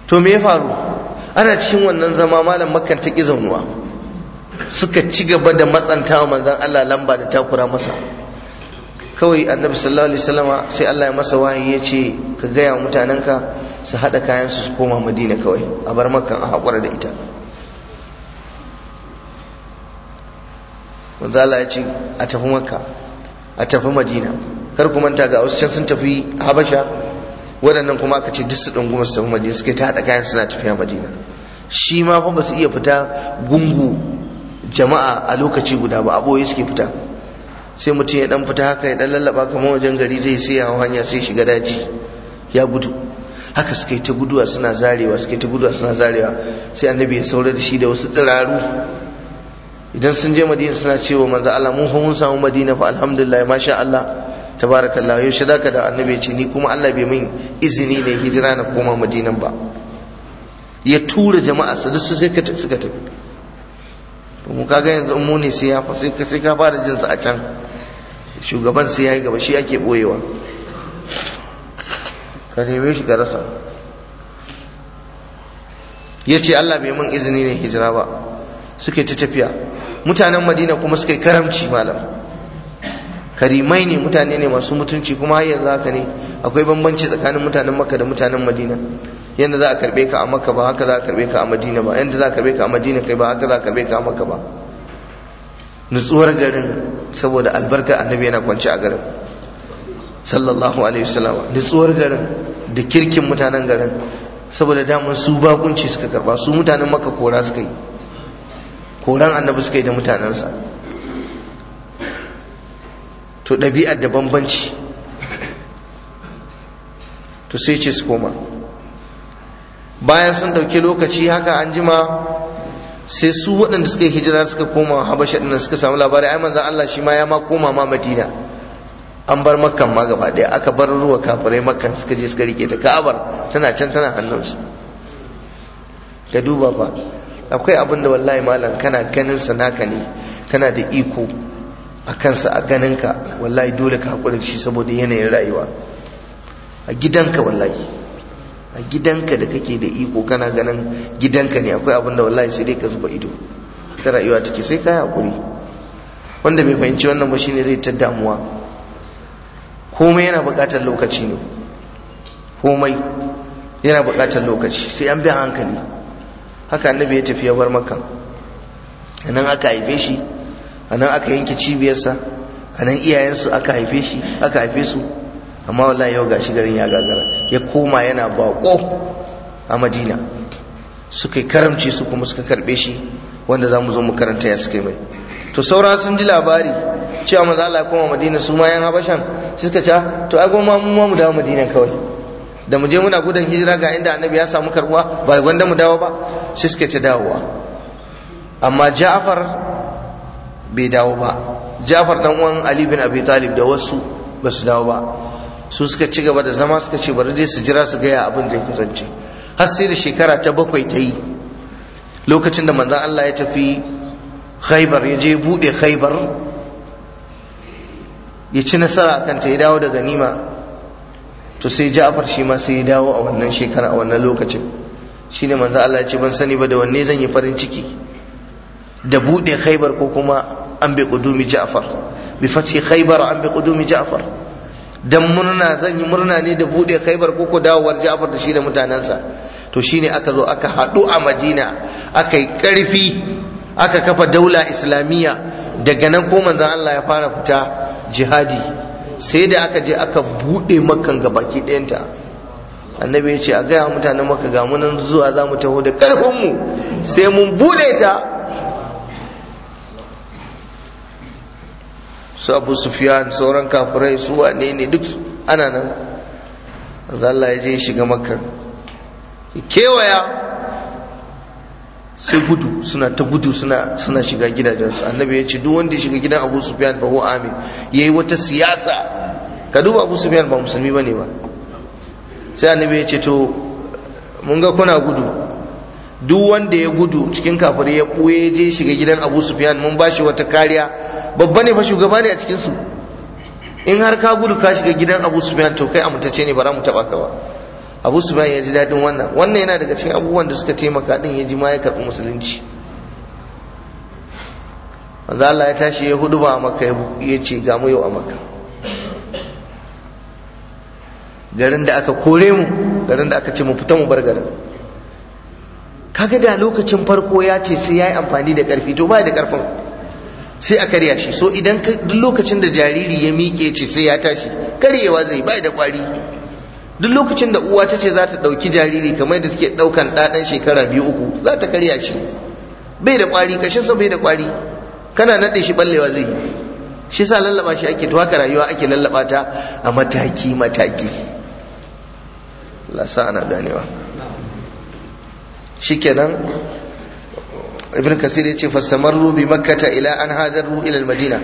to me ya faru ana cikin wannan zama malam makkan ta ƙi zaunuwa suka ci gaba da matsantawa wa manzon Allah lamba da takura masa kawai annabi sallallahu alaihi wasallama sai Allah ya masa wahayi ya ce ka gaya wa mutanenka su haɗa kayan su koma madina kawai a bar makkan a haƙura da ita manzo Allah ya ce a tafi makka a tafi madina kar ku manta ga wasu can sun tafi habasha waɗannan kuma aka ce duk su ɗunguma su tafi madina suke ta haɗa kayan suna tafiya madina shi ma fa ba su iya fita gungu jama'a a lokaci guda ba a suke fita sai mutum ya ɗan fita haka ya ɗan lallaba kamar wajen gari zai sai ya hanya sai shiga daji ya gudu haka suka yi ta guduwa suna zarewa suka yi ta guduwa suna zarewa sai annabi ya saura da shi da wasu tsiraru idan sun je madina suna cewa manzo Allah mun fa mun samu madina fa alhamdulillah masha Allah tabarakallah yau shi zaka da annabi ce ni kuma Allah bai min izini ne hijira na koma madinan ba ya tura jama'a su duk sai ka suka tafi to mu kaga yanzu mu ne sai ya sai ka sai ka fara jin su a can shugaban sai yayi gaba shi ake boyewa ka neme shi ka rasa ya ce Allah bai min izini ne hijira ba suke ta tafiya mutanen madina kuma suka yi karamci malam karimai ne mutane ne masu mutunci kuma har yanzu haka ne akwai bambanci tsakanin mutanen makka da mutanen madina yanda za a karbe ka a makka ba haka za a karbe ka a madina ba yanda za a karbe ka a madina kai ba haka za a karbe ka a makka ba nutsuwar garin saboda albarkar annabi yana kwance a garin sallallahu alaihi wasallam nutsuwar garin da kirkin mutanen garin saboda damar su bakunci suka karba su mutanen makka kora suka yi koran annabi suka yi da mutanensa to ɗabi'ar da bambanci to sai ce su koma bayan sun ɗauki lokaci haka an jima sai su waɗanda suka yi hijira suka koma habasha ɗin suka samu labarai ai za Allah shi ma ya ma koma ma madina an bar makkan ma gaba ɗaya aka bar ruwa kafirai makkan suka je suka rike ta ka'abar tana can tana hannunsu ka duba ba akwai abin wallahi malam kana ganin sa ne kana da iko a kansa a ganinka wallahi dole ka haƙurin shi saboda yanayin rayuwa a gidanka wallahi a gidanka da kake da iko kana ganin gidanka ne akwai abinda wallahi sai dai ka zuba ido ta rayuwa take sai ka haƙuri wanda bai fahimci wannan ba shine zai ta damuwa komai yana buƙatar lokaci ne komai yana buƙatar lokaci sai an bi hankali haka annabi ya tafi ya bar maka nan aka haife shi a nan aka yanke cibiyarsa a nan iyayensu aka haife shi aka haife su amma wallahi yau gashi garin ya gagara ya koma yana bako a madina suka yi karamci su kuma suka karbe shi wanda za mu zo mu karanta ya suka mai to saura sun ji labari cewa maza Allah ya koma madina su ma yan habashan suka ce ah, to ai goma mu mu dawo madina kawai da mu je muna gudan hijira ga inda annabi ya samu karbuwa ba gwanda mu dawo ba sai suka ce dawowa amma Ja'far bai dawo ba jafar dan uwan ali bin abi talib da wasu ba su dawo ba su suka ci gaba da zama suka ce bari dai su jira su gaya abin zai kasance har sai da shekara ta bakwai ta yi lokacin da manzon Allah ya tafi khaybar ya je bude khaybar ya ci nasara kan ta ya dawo da ganima to sai Ja'far shi ma sai ya dawo a wannan shekara a wannan lokacin shine manzon Allah ya ce ban sani ba da wanne zan yi farin ciki da bude khaybar ko kuma an bi qudumi ja'far bi fathi khaybar an bi qudumi ja'far dan murna zan yi murna ne da buɗe khaybar ko ko dawowar ja'far da shi da mutanansa to shine aka zo aka haɗu a madina aka yi karfi aka kafa daula islamiyya daga nan ko manzon Allah ya fara fita jihadi sai da aka je aka bude baki gabaki ɗayanta annabi ya ce a gaya mutanen Makka ga munan zuwa za mu taho da ƙarfinmu sai mun buɗe ta su abu sufiyan sauran kafirai su wane ne duk ana nan Allah ya je shiga makka kewaya sai gudu suna ta gudu suna suna shiga gidajensu annabi ya ce duk wanda ya shiga gidan abu sufyan fa huwa amin yayi wata siyasa ka duba abu sufyan ba musulmi bane ba sai annabi ya ce to mun ga kuna gudu duk wanda ya gudu cikin kafiri ya buye ya je shiga gidan abu sufyan mun bashi wata kariya babba ne fa shugaba ne a cikin su in har ka gudu ka shiga gidan Abu Sufyan to kai amintacce ne ba za mu taba ka ba Abu Sufyan ya ji dadin wannan wannan yana daga cikin abubuwan da suka taimaka din ya ji ma ya karbi musulunci manzo Allah ya tashi ya hudu ba a Makka ya ce ga mu yau a Makka garin da aka kore mu garin da aka ce mu fita mu bar garin kaga da lokacin farko ya ce sai yayi amfani da karfi to ba da karfin sai a karya shi so idan duk lokacin da jariri ya miƙe ce sai ya tashi karyewa zai bai da kwari duk lokacin da uwa ta ce za ta ɗauki jariri kamar da take ɗaukan ɗaɗan shekara biyu uku za ta karya shi bai da kwari sa bai da kwari kana naɗe shi ballewa zai shi sa lallaba shi ake to haka rayuwa ake lallaba ta a mataki mataki Allah sa ana ganewa shikenan ibn kasir yace fastamarru bi makkata ila an hajaru ila madina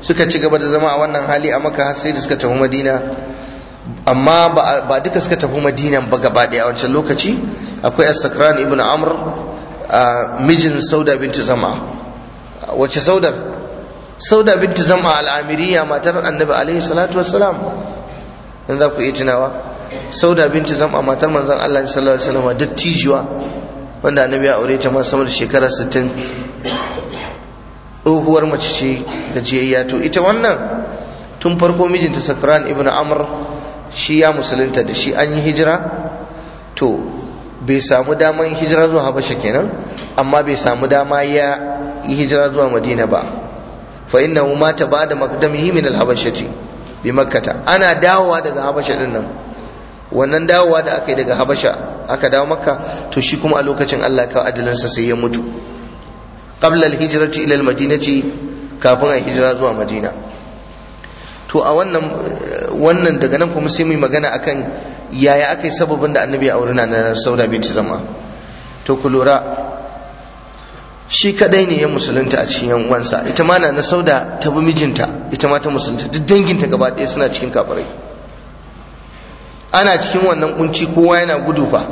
suka ci gaba da zama a wannan hali a makka har sai suka tafi madina amma ba duka suka tafi madina ba gaba daya a wancan lokaci akwai as-sakran ibn amr mijin sauda bintu zama wacce saudar sauda bintu zama al'amiriya matar annabi alaihi salatu wassalam yanzu za ku iya tunawa sauda bintu zama matar manzon Allah sallallahu alaihi wasallam dattijuwa wanda annabi ya aure ta ma sama da shekara 60 tsohuwar mace ce gajiyayya to ita wannan tun farko mijinta sakran ibn amr shi ya musulunta da shi an yi hijira to bai samu daman hijira zuwa habasha kenan amma bai samu dama ya yi hijira zuwa madina ba fa innahu ta ba da maqdamihi min al-habashati bi makkata ana dawowa daga habasha din nan wannan dawowa da aka yi daga habasha aka dawo makka to shi kuma a lokacin Allah ka adalansa sai ya mutu qabla al-hijrati ila al-madinati kafin a hijira zuwa madina to a wannan wannan daga nan kuma sai mu yi magana akan yaya aka yi sababin da annabi a wurin na sauda binti zama to ku shi kadai ne ya musulunta a cikin yan uwansa ita ma na sauda ta bi mijinta ita ma ta musulunta duk danginta gaba ɗaya suna cikin kafirai ana cikin wannan kunci kowa yana gudu fa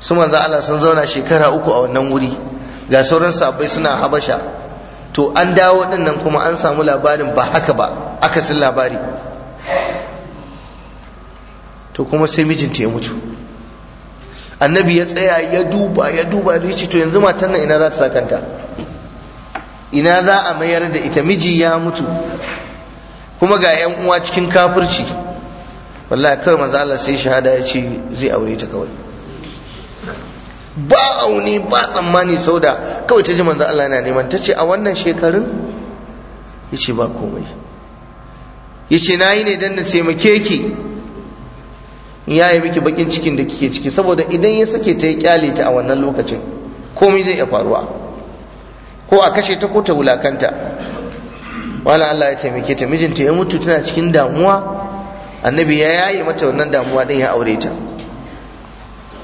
su manzo Allah sun zauna shekara uku a wannan wuri ga sauran sahabbai suna habasha to an dawo dinnan kuma an samu labarin ba haka ba akasin labari to kuma sai mijinta ya mutu annabi ya tsaya ya duba ya duba da ya ce to yanzu matan nan ina za ta sakanta ina za a mayar da ita miji ya mutu kuma ga 'yan uwa cikin kafirci wallahi kawai manzo Allah sai shahada ya ce zai aure ta kawai ba auni ba tsammani sauda kawai ta ji manzo Allah yana neman ta ce a wannan shekarun ya ce ba komai ya ce na yi ne don na mu keke ya yi miki bakin cikin da kike ciki saboda idan ya sake ta ya kyale ta a wannan lokacin komai zai iya faruwa ko a kashe ta ko ta wulakanta wala Allah ya taimake ta mijinta ya mutu tana cikin damuwa annabi ya yaye mata wannan damuwa din ya aure ta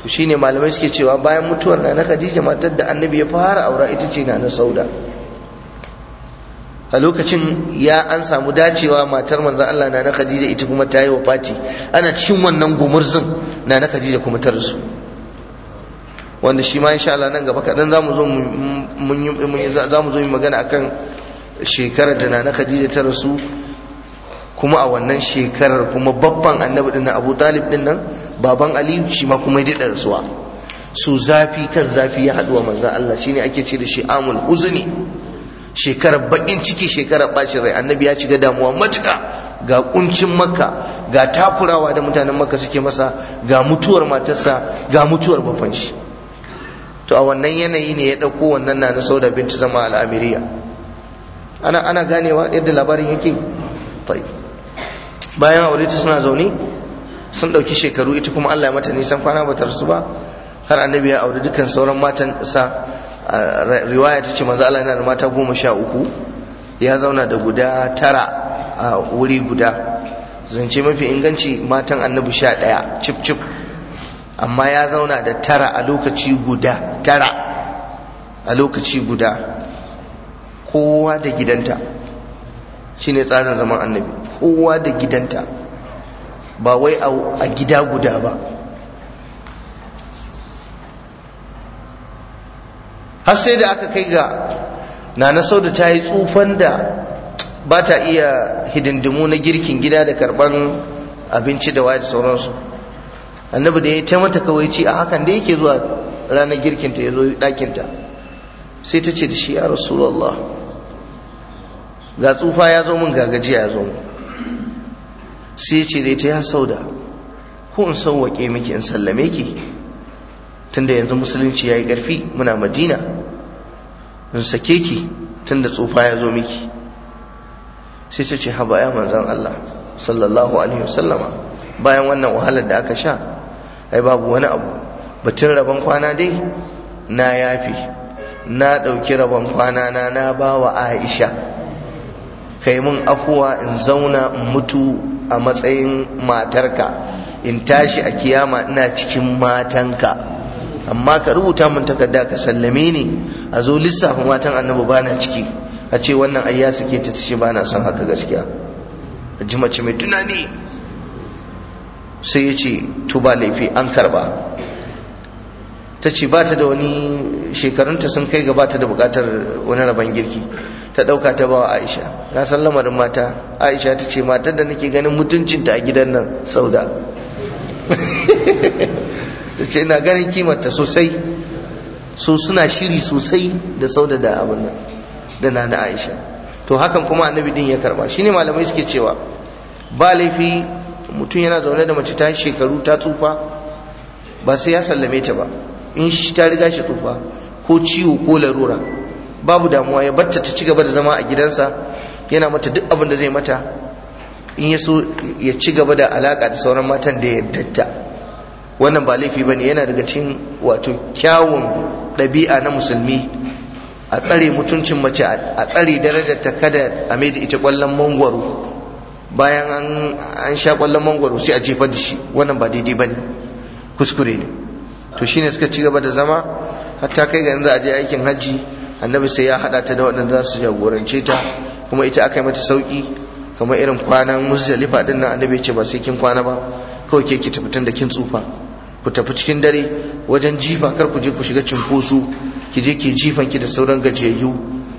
shine malamai suke cewa bayan mutuwar na Khadija matar da annabi ya fara aura ita ce na Sauda a lokacin ya an samu dacewa matar manzon Allah na Khadija ita kuma ta yi Fati, ana cikin wannan gumurzin na Khadija kuma ta rasu wanda shi ma insha Allah nan gaba kaɗan za mu zo mu yi magana akan shekarar da na Khadija ta rasu kuma a wannan shekarar kuma babban annabi dinnan abu talib dinnan baban aliyu shi ma kuma ya rasuwa su zafi kan zafi ya haɗuwa manza allah shine ake ce da shi amul uzuni shekarar bakin ciki shekarar bacin rai annabi ya shiga damuwa matuka ga kuncin makka ga takurawa da mutanen makka suke masa ga mutuwar matarsa ga mutuwar baban shi to a wannan yanayi ne ya ɗauko wannan na na sauda binta zama al'amiriya ana ana ganewa yadda labarin yake طيب bayan aure ta suna zaune sun ɗauki shekaru ita kuma Allah ya mata nisan kwana ba ta rasu ba har annabi ya aure dukkan sauran matan sa riwaya ta ce manzo Allah yana da mata goma sha uku ya zauna da guda tara a wuri guda zance mafi inganci matan annabi sha ɗaya cip cip amma ya zauna da tara a lokaci guda tara a lokaci guda kowa da gidanta shine tsarin zaman annabi kowa da gidanta ba wai a gida guda ba har sai da aka kai ga na nana sauda ta yi tsufan da ba ta iya hidindimu na girkin gida da karban abinci da waye da sauransu annabi da ya ta mata kawai ci a hakan da yake zuwa ranar girkinta ya zo ɗakinta sai ta ce da shi ya rasulallah ga tsufa ya zo min gagaji ya zo sai ce dai ta ya sauda ko in sauwaƙe miki in sallame ki tunda yanzu musulunci ya yi ƙarfi muna madina in sake ki tunda tsufa ya zo miki sai ta ce haba ya manzan Allah sallallahu alaihi wasallama bayan wannan wahalar da aka sha ai babu wani abu batun rabon kwana dai na yafi na ɗauki rabon kwana na na ba wa Aisha kai mun afuwa in zauna in mutu a matsayin matarka in tashi a kiyama ina cikin matanka amma ka rubuta mun takarda ka sallame ni a zo lissafa matan annabi bana ciki a ce wannan ayya suke ta tashi bana son haka gaskiya ji mace mai tunani sai ya ce tuba laifi an karba ta ce ba ta da wani shekarunta sun kai ga ba ta da bukatar wani rabon girki ta ɗauka ta bawa aisha na san lamarin mata aisha ta ce matar da nake ganin mutuncinta a gidan nan da ta ce na ganin kimarta sosai so suna shiri sosai da sau da abin nan da na na aisha to hakan kuma annabi din ya karba Shi ne malamai suke cewa ba laifi mutum yana zaune da mace ta shekaru ta tsufa ba sai ya sallame ta ba in shi ta riga shi tsufa ko ciwo ko larura babu damuwa ya batta ta ci gaba da zama a gidansa yana mata duk abin da zai mata in ya so ya ci gaba da alaka da sauran matan da ya datta wannan ba laifi bane yana daga cikin wato kyawun ɗabi'a na musulmi a tsare mutuncin mace a tsare ta kada a mai da ita ƙwallon mangwaro bayan an sha ƙwallon mangwaro sai a jefa da shi wannan ba daidai ba kuskure ne to shi ne suka ci gaba da zama hatta kai ga za a je aikin hajji annabi sai ya haɗa ta da waɗanda za su jagorance ta kuma ita aka yi mata sauki kamar irin kwanan muzdalifa din nan annabi ya ce ba sai kin kwana ba kawai ke ki tafi da kin tsufa ku tafi cikin dare wajen jifa kar ku je ku shiga cunkoso ki je ki jifan ki da sauran gajiyayyu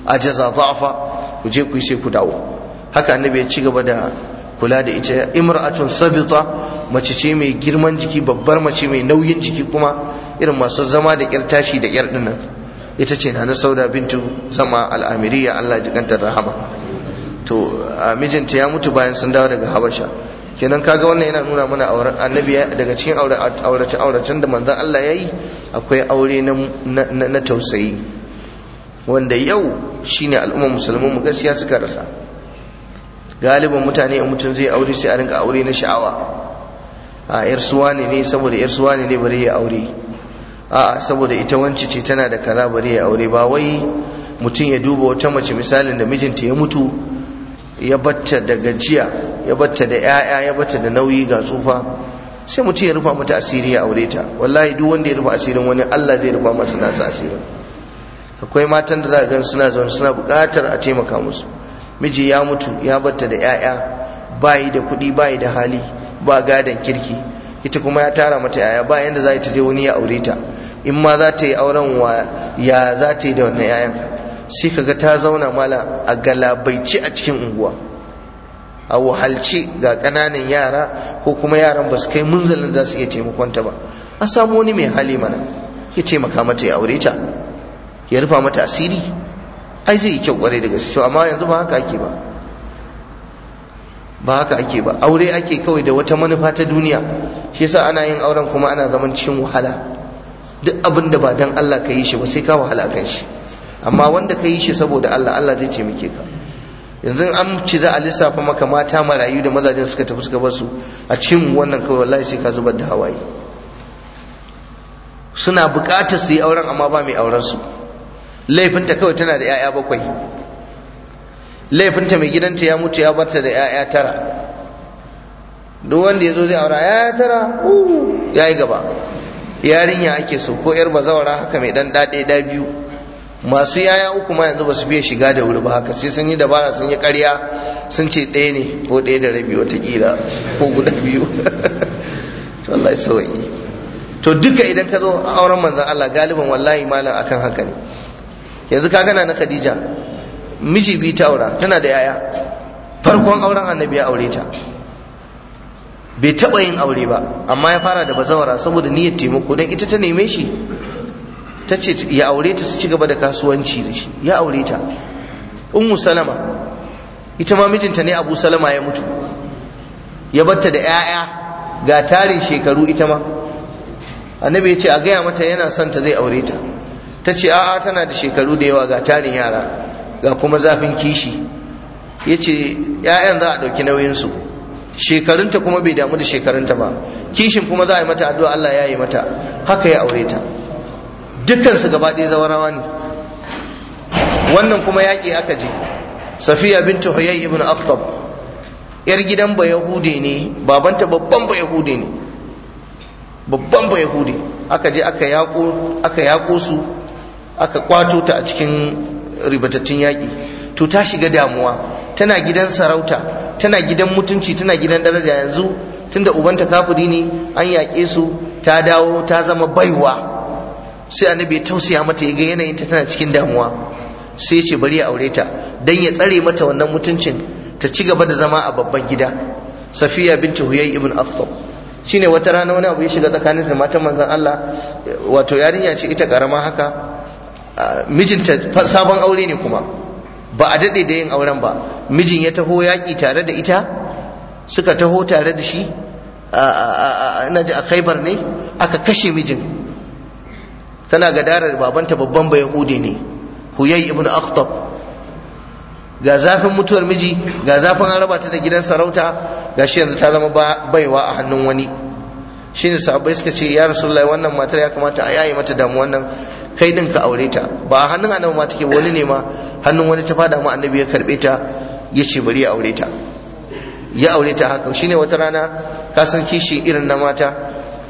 a jaza da'afa ku je ku yi sai ku dawo haka annabi ya ci gaba da kula da ita imra'atun sabita mace ce mai girman jiki babbar mace mai nauyin jiki kuma irin masu zama da kyar tashi da kyar dinnan ita ce na sauda bintu zama al'amiriya Allah ji kantar rahama to mijinta ya mutu bayan sun dawo daga habasha kenan kaga wannan yana nuna mana auren annabi daga cikin auratun auratun da manzon Allah yayi akwai aure na tausayi wanda yau shine al'ummar musulmin mu gaskiya suka rasa galibin mutane in mutum zai aure sai a rinka aure na sha'awa a yar suwa ne saboda yar suwa ne bari ya aure a saboda ita wance ce tana da kaza bari ya aure ba wai mutum ya duba wata mace misalin da mijinta ya mutu ya batta da gajiya ya batta da 'ya'ya ya batta da nauyi ga tsufa sai mutum ya rufa mata asiri ya aure ta wallahi duk wanda ya rufa asirin wani Allah zai rufa masa nasa asirin akwai matan da za a gan suna zaune suna bukatar a taimaka musu miji ya mutu ya batta da 'ya'ya bayi da kuɗi bayi da hali ba gadon kirki ita kuma ya tara mata 'ya'ya ba yanda za ta je wani ya aure ta in ma za ta yi auren wa ya za ta yi da wannan 'ya'ya? sai kaga ta zauna mala a galabaici a cikin unguwa a wahalci ga ƙananan yara ko kuma yaran ba su kai munzalin da su iya taimakonta ba a samu wani mai hali mana ya taimaka mata ya aure ta ya rufa mata asiri ai zai yi kyau kwarai da gaske amma yanzu ba haka ake ba ba haka ake ba aure ake kawai da wata manufa ta duniya shi yasa ana yin auren kuma ana zaman cikin wahala duk abin da ba dan Allah ka yi shi ba sai ka wahala kan shi amma wanda ka yi shi saboda Allah Allah zai taimake ka yanzu an ci za a lissafa maka mata marayu da mazajen suka tafi suka basu a cikin wannan kawai wallahi sai ka zubar da hawaye suna bukatar su yi auren amma ba mai auren su laifinta kawai tana da 'ya'ya bakwai laifinta mai gidanta ya mutu ya barta da 'ya'ya tara duk wanda ya zo zai aura 'ya'ya tara ya yi gaba yarinya ake so ko 'yar bazawara haka mai dan daɗe da biyu masu yaya uku ma yanzu ba su fiye shiga da wuri ba haka sai sun yi dabara sun yi karya sun ce ɗaya ne ko ɗaya da rabi ƙira ko guda biyu to Allah ya to duka idan ka zo auren manzon Allah galiban wallahi malam akan haka ne yanzu ka gana na khadija miji bi ta tana da yaya farkon auren annabi ya aure ta bai taɓa yin aure ba amma ya fara da bazawara saboda niyyar taimako don ita ta neme shi ta ce ya aure ta su ci gaba da kasuwanci da shi ya aure ta ummu salama ita ma mijinta ne abu salama ya mutu ya batta da 'ya'ya ga tarin shekaru ita ma annabi ya ce a gaya mata yana son ta zai aure ta ta ce a'a tana da shekaru da yawa ga tarin yara ga kuma zafin kishi ya ce 'ya'yan za a ɗauki nauyinsu shekarunta kuma bai damu da shekarunta ba kishin kuma za a yi mata addu'a Allah ya yi mata haka ya aure ta dukkansu gaba ɗaya zawarawa ne wannan kuma yaƙi aka je safiya bintu huyay ibn aftab yar gidan ba yahude ne babanta babban ba yahude ne babban ba yahude aka je aka yaƙo aka yaƙo su aka kwato ta a cikin ribatattun yaƙi to ta shiga damuwa tana gidan sarauta tana gidan mutunci tana gidan daraja yanzu tunda ubanta kafiri ne an yaƙe su ta dawo ta zama baiwa sai annabi ya tausaya mata ya ga yanayin ta tana cikin damuwa sai ya ce bari ya aure ta dan ya tsare mata wannan mutuncin ta ci gaba da zama a babban gida safiya binti huyay ibn afdal shine wata rana wani abu ya shiga tsakanin da matan manzon Allah wato yarinya ce ita karama haka mijinta sabon aure ne kuma ba a daɗe da yin auren ba mijin ya taho yaƙi tare da ita suka taho tare da shi ina ji a khaibar ne aka kashe mijin tana gadarar babanta babban ba yahudi ne huyai ibn akhtab ga zafin mutuwar miji ga zafin an raba ta da gidan sarauta ga shi yanzu ta zama baiwa a hannun wani shine sahabbai suka ce ya rasulullahi wannan matar ya kamata a yayi mata damu wannan kai din ka aure ta ba a hannun annabi ma take wani ne ma hannun wani ta fada ma annabi ya karbe ta ya ce bari ya aure ta ya aure ta haka shine wata rana ka san kishi irin na mata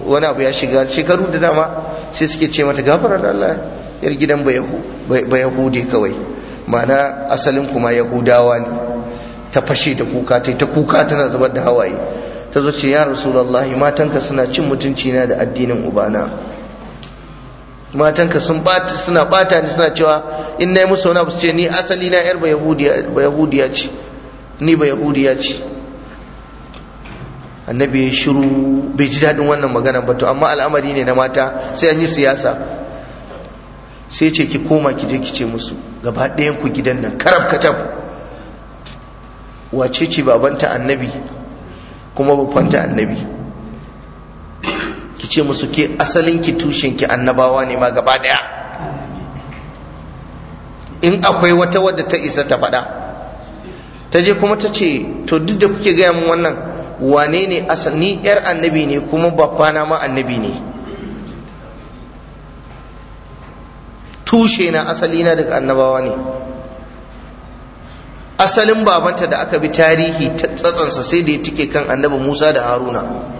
wani abu ya shiga shekaru da dama sai suke ce mata gafara da Allah yar gidan ba yahudi kawai Mana asalin kuma yahudawa ne ta fashe da kuka ta ta kuka tana zubar da hawaye ta zo ce ya rasulullahi matanka suna cin mutunci na da addinin ubana matanka sun bata suna bata ni suna cewa in nayi musu wani abu su ce ni asali na yar ba yahudiya ce ni ba yahudiya ce annabi ya shiru bai ji daɗin wannan magana ba to amma al'amari ne na mata sai an yi siyasa sai ce ki koma ki je ki ce musu gaba ɗayan ku gidan nan karab katab wace ce babanta annabi kuma baffanta annabi ki ce musu ke asalin ki tushen ki annabawa ne ma gaba daya in akwai wata wadda ta isa ta faɗa ta je kuma ta ce to duk da kuke gaya min wannan wane ne ni yar annabi ne kuma na ma annabi ne tushe na asali na daga annabawa ne asalin babanta da aka bi tarihi tsatsansa sai da ya tike kan annabi musa da haruna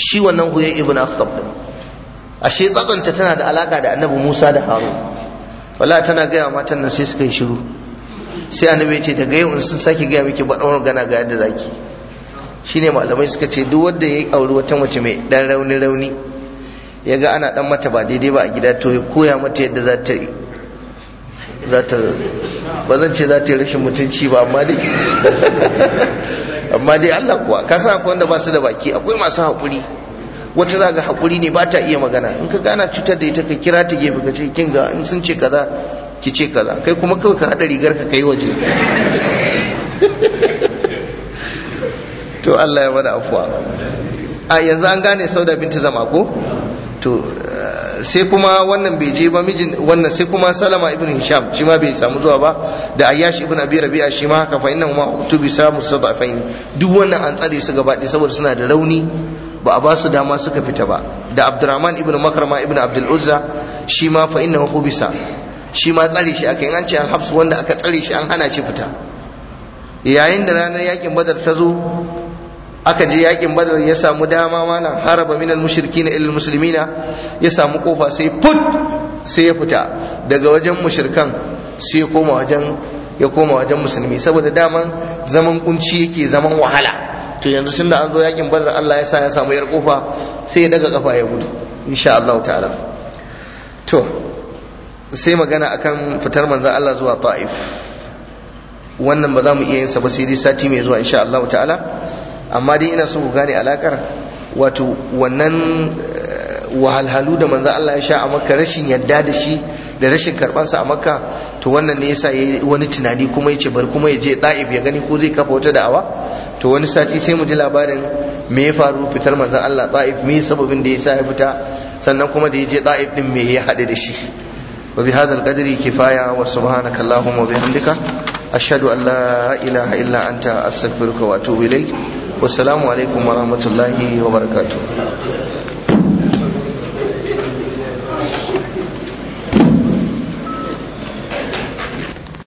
shi wannan huyai ibn akhtab din ashe tsatsanta tana da alaka da annabi Musa da Harun wala tana gaya matan nan sai suka yi shiru sai annabi ya ce daga yau in sun sake gaya miki ba ɗaurin gana ga yadda zaki shine malamai suka ce duk wanda ya auri wata mace mai dan rauni rauni ya ga ana dan mata ba daidai ba a gida to ya koya mata yadda za ta za ta ba zan ce za ta yi rashin mutunci ba amma dai amma dai Allah kuwa ka san akwai wanda ba su da baki akwai masu haƙuri wata za ga haƙuri ne ba ta iya magana in ka gana cutar da ita ka kira ta gefe ka ce kin ga in sun ce kaza ki ce kaza kai kuma kawai ka haɗa rigar ka kai waje to Allah ya bada afuwa a yanzu an gane sauda binta zama ko to sai kuma wannan bai je ba mijin wannan sai kuma salama ibn hisham shi ma bai samu zuwa ba da ayyash ibn abi rabi'a shi ma haka fa inna huma tu bi samu sadafain duk wannan an tsare su gaba saboda suna da rauni ba a ba su dama suka fita ba da abdurrahman ibn makrama ibn abdul uzza shi ma fa innahu hubisa shi ma tsare shi aka yi an ce an hafsu wanda aka tsare shi an hana shi fita yayin da ranar yakin badar ta zo aka je yakin badar ya samu dama malam haraba minal mushrikina ilal muslimina ya samu kofa sai put sai ya fita daga wajen mushrikan sai ya koma wajen ya koma wajen musulmi saboda daman zaman kunci yake zaman wahala to yanzu tunda an zo yakin badar Allah ya sa ya samu yar kofa sai ya daga kafa ya gudu insha Allah ta'ala to sai magana akan fitar manzon Allah zuwa Ta'if wannan ba za mu iya yin sa ba sai dai sati mai zuwa insha Allah ta'ala amma dai ina so ku gane alakar wato wannan eh, wahalhalu da manzo Allah ya sha a makka rashin yadda da shi da rashin karbansa a makka to wannan ne yasa yayi wani tunani kuma yace bar kuma yaje da'ib ya gani ko zai kafa wata da'awa to wani sati sai mu ji labarin me ya faru fitar manzo Allah da'ib me sababin da yasa ya fita sannan kuma da yaje da'ib din me ya hade da shi wa bi hadzal qadri kifaya wa subhanaka allahumma wa bihamdika ashhadu an la ilaha illa anta astaghfiruka wa atubu ilayk wasu alaikum warahmatullahi wabarakatuh